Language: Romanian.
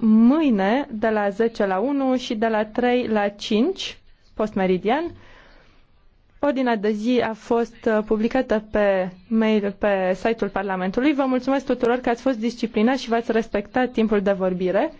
mâine de la 10 la 1 și de la 3 la 5 postmeridian. Ordinea de zi a fost uh, publicată pe mail pe site-ul Parlamentului. Vă mulțumesc tuturor că ați fost disciplinați și v-ați respectat timpul de vorbire.